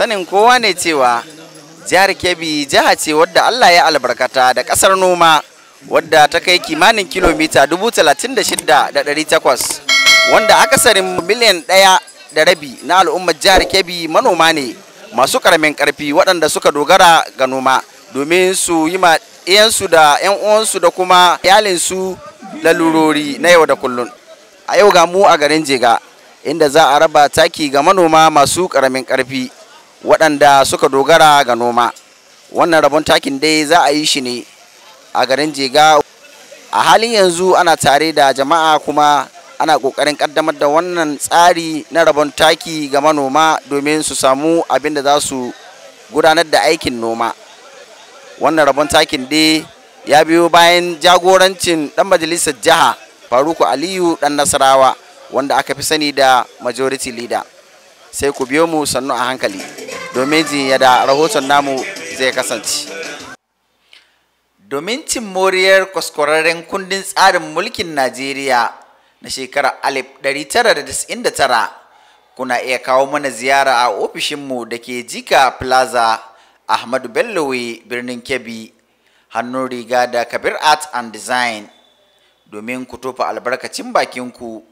sanin kowa ne cewa jihar kebbi jiha ce wadda allah ya albarkata da kasar noma wadda ta kai kimanin kilomita 36,800 wanda akasarin miliyan ɗaya da rabi na al'ummar jihar kebbi manoma ne masu karamin karfi waɗanda suka dogara ga noma domin su yi ma iyansu da 'yan uwansu da kuma iyalinsu lalurori na yau da kullun a yau ga mu a garin jega inda za a raba taki ga manoma masu karamin karfi waɗanda suka dogara ga noma wannan rabon takin dai za a yi shi ne a garin jega a halin yanzu ana tare da jama'a kuma ana ƙoƙarin ƙaddamar da wannan tsari na rabon taki ga manoma domin su samu abin da za su gudanar da aikin noma wannan rabon takin dai ya biyo bayan jagorancin ɗan majalisar jiha faruku aliyu ɗan nasarawa wanda aka fi sani da majority leader sai ku biyo mu sannu a hankali domin jin yadda rahoton namu zai kasance domin cin moriyar kwaskwararren kundin tsarin mulkin najeriya na shekarar 1999 kuna iya kawo mana ziyara a ofishinmu da ke jika plaza ahmadu bellowe birnin kebbi hannun riga da kabir art and design domin ku tofa albarkacin bakinku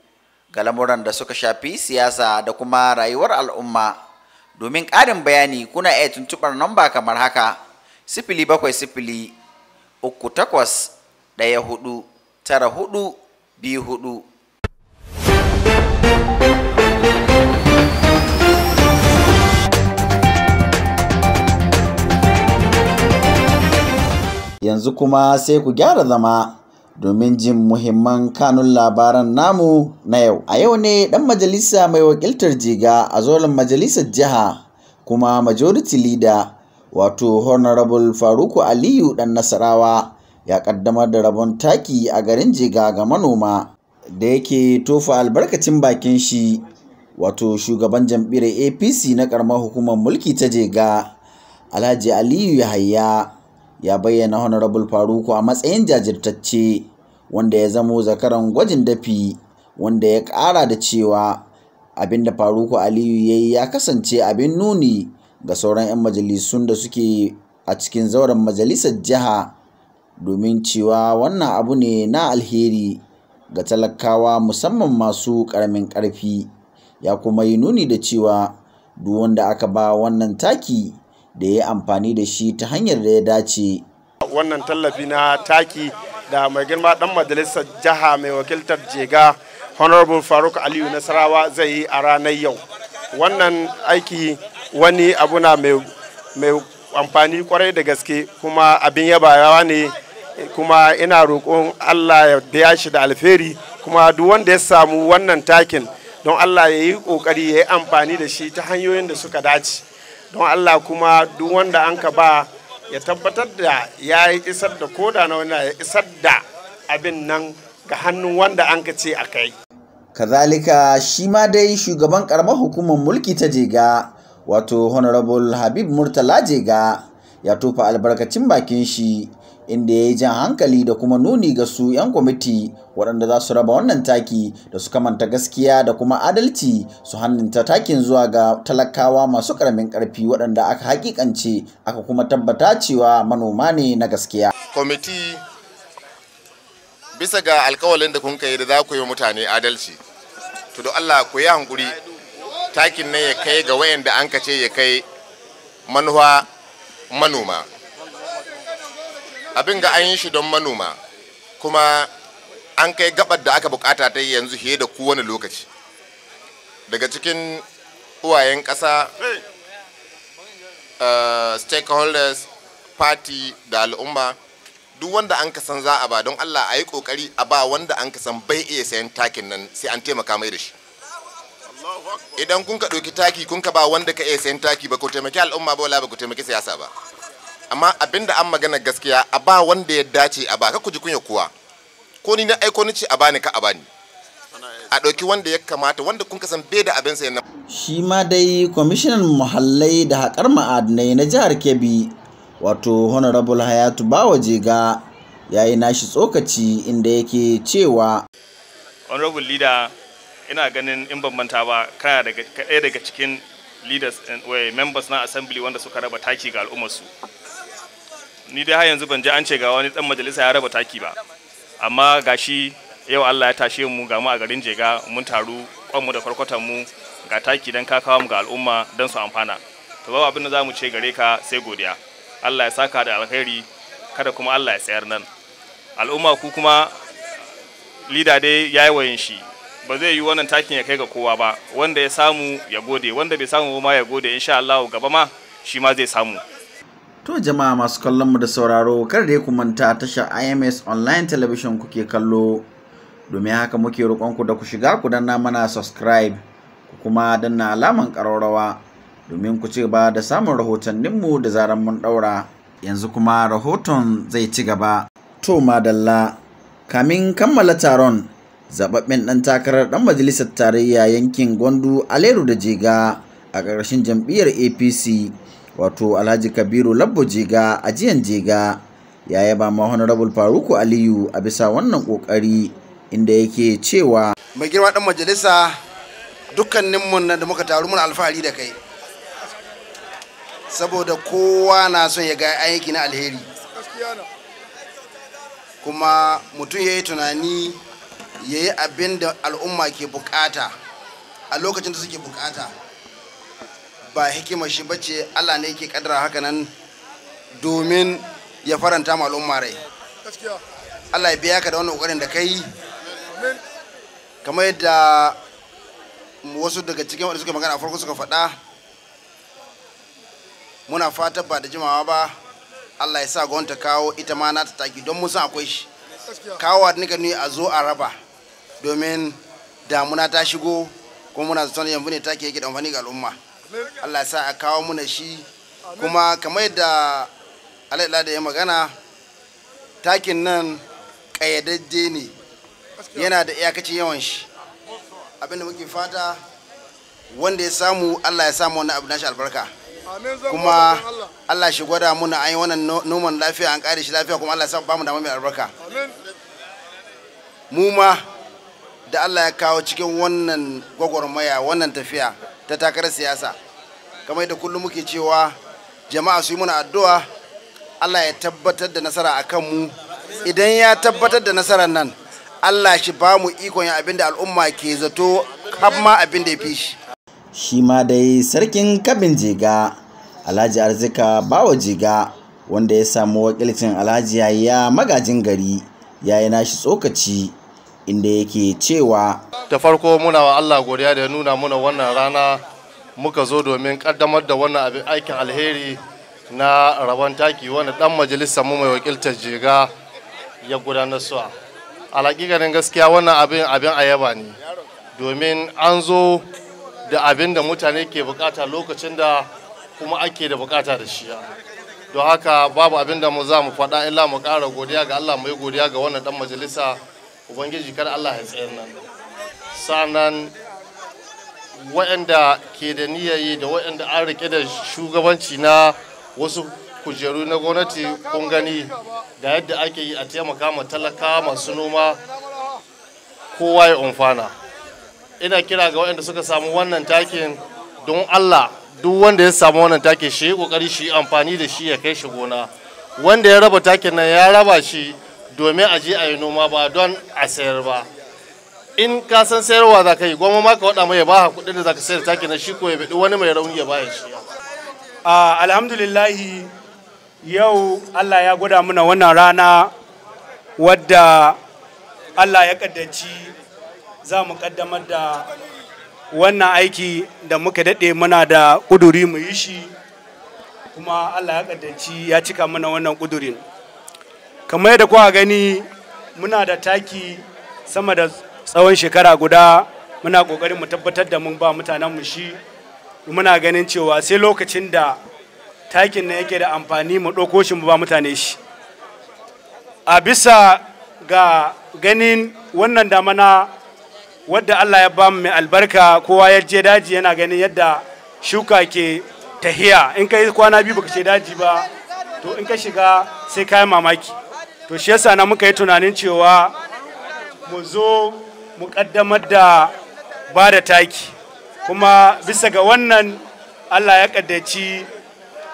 ga lamuran da suka shafi siyasa da kuma rayuwar al'umma. Domin ƙarin bayani kuna iya tuntubar namba kamar haka sifili bakwai sifili uku takwas ɗaya hudu tara hudu Yanzu kuma sai ku gyara zama domin jin muhimman kanun labaran namu na yau. A yau ne ɗan majalisa mai wakiltar jiga a zolin majalisar jiha kuma majority leader wato honorable Faruku Aliyu ɗan Nasarawa ya ƙaddamar da rabon taki a garin jiga ga manoma da yake tofa albarkacin bakin shi wato shugaban jam'iyyar APC na ƙaramar hukumar mulki ta jiga Alhaji Aliyu Yahaya. ya bayyana Honorable Faruku a matsayin jajirtacce wanda ya zamo zakaran gwajin dafi wanda ya kara da cewa abin da Faruku Aliyu ya yi ya kasance abin nuni ga sauran 'yan majalisun da suke a cikin zauren majalisar jiha domin cewa wannan abu ne na alheri ga talakawa musamman masu ƙaramin ƙarfi ya kuma yi nuni da cewa duk wanda aka ba wannan taki da ya yi amfani da shi ta hanyar da ya dace. Wannan tallafi na taki da mai girma dan majalisar jiha mai wakiltar jega Honorable Faruk Aliyu Nasarawa zai yi a ranar yau. Wannan aiki wani abu na mai amfani kwarai da gaske kuma abin yabawa ne kuma ina roƙon Allah ya biya shi da alferi kuma duk wanda ya samu wannan takin don Allah ya yi ƙoƙari ya yi amfani da shi ta hanyoyin da suka dace. don allah kuma duk wanda an ka ba ya tabbatar da ya yi isar da koda na wani ya isar da abin nan ga hannun wanda an ka ce a kai kazalika shi ma dai shugaban karamar hukumar mulki ta jega wato honorable habib murtala jega ya tofa albarkacin bakin shi inda ya yi jan hankali da kuma nuni ga su 'yan kwamiti waɗanda za su raba wannan taki da su kamanta gaskiya da kuma adalci su hannunta takin zuwa ga talakawa masu ƙaramin ƙarfi waɗanda aka haƙiƙance aka kuma tabbata cewa manoma ne na gaskiya. Kwamiti bisa ga alkawalin da kun kai da za ku yi mutane adalci. To don Allah ku yi hankuri takin nan ya kai ga wayan da an ce ya kai manuwa manoma. abin ga an yi shi don manoma kuma an kai gabar da aka bukata ta yanzu fiye da kowane lokaci daga cikin uwayen ƙasa uh, stakeholders party da al'umma duk wanda an kasan za a ba don allah a yi kokari a ba wanda an kasan bai iya sayan takin nan sai an taimaka mai da shi idan kun ka ɗauki taki kun ka ba wanda ka iya sayan taki ba ku taimaki al'umma ba wala ba ku taimaki siyasa ba amma abinda an magana gaskiya a ba wanda ya dace a ba ka ku ji kunya kuwa ko ni na aiko ni ce a bani ka a bani a ɗauki wanda ya kamata wanda kun kasan bai da abin sayan shi ma dai kwamishinan muhallai da haƙar ma'adinai na jihar kebbi wato honorable hayatu bawa jega ya yi nashi tsokaci inda yake cewa honorable leader ina ganin in ban manta ba kana daga daga cikin leaders and eh, members na assembly wanda suka raba taki ga su ni dai har yanzu ban ji an ce ga wani dan majalisa ya raba taki ba amma gashi yau Allah ya tashe mu ga mu a garin Jega mun taru kwanmu da farkotan mu ga taki dan kakawa mu ga al'umma dan su amfana to babu abin da zamu ce gare ka sai godiya Allah ya saka da alkhairi kada kuma Allah ya tsayar nan al'umma ku kuma lida dai yayi wayin shi ba zai yi wannan takin ya kai ga kowa ba wanda ya samu ya gode wanda bai samu ma ya gode insha Allah gaba ma shi ma zai samu To jama'a masu kallon mu da sauraro kar da ku manta tashar IMS online television kuke kallo domin haka muke roƙon ku da ku shiga ku danna mana subscribe ku kuma danna alaman ƙararrawa domin ku ci gaba da samun rahotanninmu da zaran mun ɗaura yanzu kuma rahoton zai ci gaba. To madalla kamin kammala taron zababben ɗan takarar ɗan majalisar tarayya yankin Gondu aleru da jega a ƙarƙashin jam'iyyar apc wato alhaji kabiru labbo jiga a jiyan jiga ya yaba ma honorable faruku aliyu a bisa wannan kokari inda yake cewa mai girma dan majalisa dukkaninmu da muka taru mun alfahari da kai saboda kowa na son ya ga aiki na alheri kuma mutum ya yi tunani ya yi abin da al'umma ke bukata a lokacin da suke bukata ba hikima shi bace Allah ne yake kadara haka nan domin ya faranta ma al'umma rai Allah ya biya ka da wannan kokarin da kai kamar yadda wasu daga cikin wanda suka magana a farko suka faɗa muna fata ba da jimawa ba Allah ya sa gwamnati kawo ita ma na ta taki don musan akwai shi kawo wa nika ne a zo a raba domin damuna ta shigo kuma muna zaton yanzu ne take yake da amfani ga al'umma Allah sa a kawo muna shi kuma kamar yadda alaɗa da ya magana takin nan ƙayyadajje ne yana da iyakacin yawan shi abinda muke fata wanda ya samu Allah ya samu wani abu nashi albarka kuma Allah shi gwada muna an yi wannan noman lafiya an ƙare shi lafiya kuma Allah ya samu bamu da mai albarka mu ma da Allah ya kawo cikin wannan gwagwarmaya wannan tafiya ta takarar siyasa kamar da kullum muke cewa jama'a su yi muna addu'a Allah ya tabbatar da nasara a kanmu idan ya tabbatar da nasarar nan Allah shi ba mu ikon yin abin al'umma ke zato har ma abin da ya fi shi shi ma dai sarkin kabin jiga alhaji arzika bawa jiga wanda ya samu wakilcin alhaji yaya magajin gari ya yi nashi tsokaci inda yake cewa da farko muna wa Allah godiya da ya nuna muna wannan rana muka zo domin kaddamar da wannan abin aikin alheri na rabon taki wanda dan majalisar mu mai wakiltar jega ya gudanar su a ganin gaskiya wannan abin abin ayaba ne domin an zo da abin da mutane ke bukata lokacin da kuma ake da bukata da shi don haka babu abin da mu za mu faɗa illa mu ƙara godiya ga Allah mai godiya ga wannan dan majalisa ubangiji kar allah ya tsayar nan sa'annan waɗanda ke da niyayi da waɗanda an rike da shugabanci na wasu kujeru na gwamnati kun gani ga yadda ake yi a taimaka ma talaka masu noma kowa ya umfana ina kira ga waɗanda suka samu wannan takin don allah duk wanda ya samu wannan takin shi kokari shi amfani da shi ya kai shi gona wanda ya raba takin nan ya raba shi domin a je a yi noma ba don a sayar ba in ka san sayarwa za ka yi goma ma ka waɗa mai ba ha kuɗin da za ka sayar taki na shi ko ya wani mai rauni ya ba ya shi alhamdulillahi yau allah ya gwada mana wannan rana wadda allah ya kaddaci za mu kaddamar da wannan aiki da muka daɗe mana da ƙuduri mu yi shi kuma allah ya kaddaci ya cika mana wannan ƙudurin kamar yadda kuka gani muna da taki sama da tsawon shekara guda muna kokarin mu tabbatar da mun ba mutanenmu shi muna ganin cewa sai lokacin da takin nan yake da amfani mu ɗauko shi mu ba mutane shi a bisa ga ganin wannan damana wadda Allah ya ba mu mai albarka kowa ya je daji yana ganin yadda shuka ke tahiya in kai kwana biyu baka ce daji ba to in ka shiga sai kayan mamaki to shi yasa na muka yi tunanin cewa mu zo mu kaddamar da ba da taki kuma bisa ga wannan allah ya kaddaci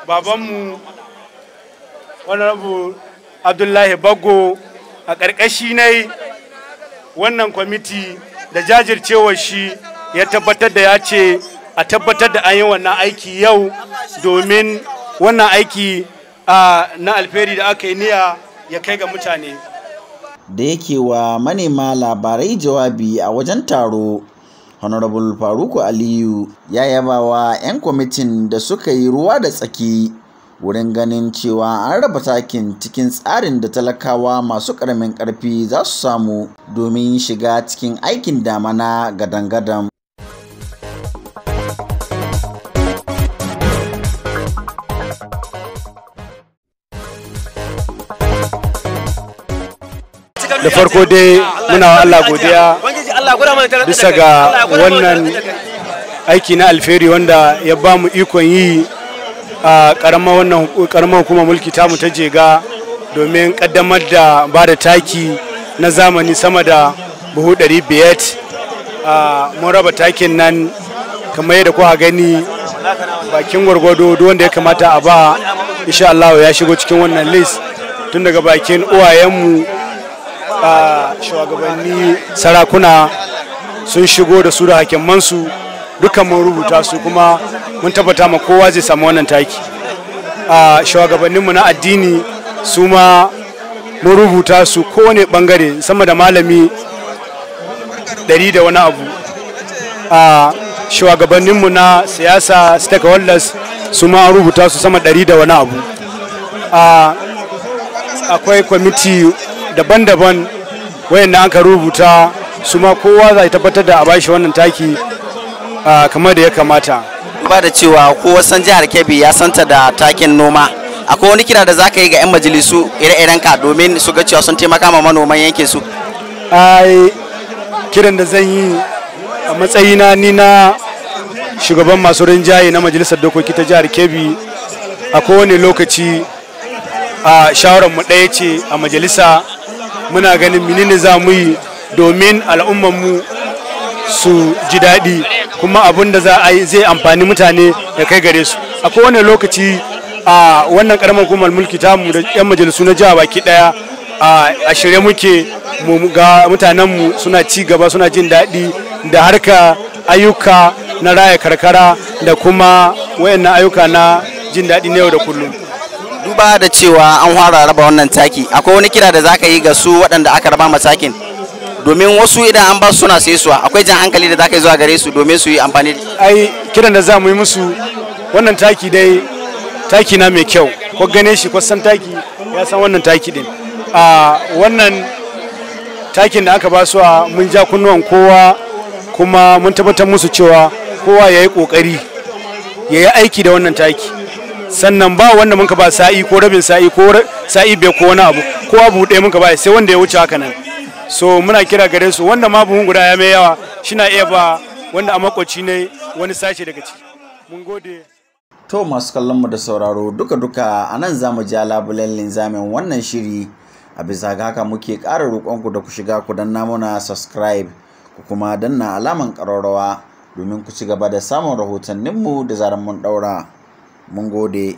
babanmu honorable abdullahi bago a ƙarƙashi ne wannan kwamiti da jajircewar shi ya tabbatar da ya ce a tabbatar da an yi wannan aiki yau domin wannan aiki na alferi da aka yi niyya ya kai ga mutane da yake wa manema labarai jawabi a wajen taro honorable faruku aliyu ya yaba wa 'yan kwamitin da suka yi ruwa da tsaki wurin ganin cewa an raba takin cikin tsarin da talakawa masu ƙaramin ƙarfi za su samu domin shiga cikin aikin damana gadan-gadan da farko dai muna wa Allah godiya bisa ga wannan aiki na alferi wanda ya ba mu ikon yi a karamar kuma mulki mu ta jega domin kaddamar da ba da taki na zamani sama da buhu 500 mun raba takin nan kamar yadda kuka gani bakin gwargwado duk wanda ya kamata a ba insha Allah ya shigo cikin wannan list tun daga bakin uwayenmu shugabanni sarakuna sun shigo da su da hakimansu dukkan mun rubuta su kuma mun tabbata ma kowa zai samu wannan taki a shugabanninmu na addini su ma mun rubuta su kowane bangare sama da malami ɗari da wani abu a shugabanninmu na siyasa stakeholders su ma an rubuta su sama ɗari da wani abu A akwai kwamiti daban-daban wayanda an ka rubuta su ma kowa za tabbatar da a bashi wannan taki kamar da ya kamata ba da cewa ko san jihar kebbi ya santa da takin noma akwai wani kira da za ka yi ga 'yan majalisu ire-iren ka domin su ga cewa sun taimaka ma manoman yankin su ai kiran da zan yi a matsayina ni na shugaban masu rinjaye na majalisar dokoki ta jihar kebbi a wani lokaci a shawarar mu ɗaya ce a majalisa muna ganin menene za mu yi domin al'ummanmu su ji daɗi kuma abin da za a yi zai amfani mutane ya kai gare su a kowane lokaci a wannan karamar hukumar mulki ta mu da 'yan majalisu na jiha baki ɗaya a shirye muke ga mutanenmu suna ci gaba suna jin daɗi da harka ayyuka na raya karkara da kuma wayannan ayyuka na jin daɗi na yau da kullum duba da cewa an fara raba wannan taki akwai wani kira da za ka yi ga su waɗanda aka raba ma takin domin wasu idan an ba su suna sai suwa akwai jan hankali da za ka yi zuwa gare su domin su yi amfani ai kiran da za mu yi musu wannan taki dai taki na mai kyau ko gane shi ko san taki ya san wannan taki din a wannan takin da aka ba su a mun ja kunnuwan kowa kuma mun tabbatar musu cewa kowa ya yi ƙoƙari ya yi aiki da wannan taki sannan ba wanda muka ba sa'i ko rabin sa'i ko sa'i bai ko wani abu ko abu ɗaya muka ba sai wanda ya wuce haka nan so muna kira gare su wanda ma buhun guda ya mai yawa shina iya ba wanda a makwaci ne wani sashe daga ciki mun gode to masu kallon mu da sauraro duka duka a nan za mu ja labulen linzamin wannan shiri a bisa ga haka muke ƙara ku da ku shiga ku danna muna subscribe ku kuma danna alaman ƙararrawa domin ku ci gaba da samun rahotanninmu da zaran mun ɗaura. Mun gode.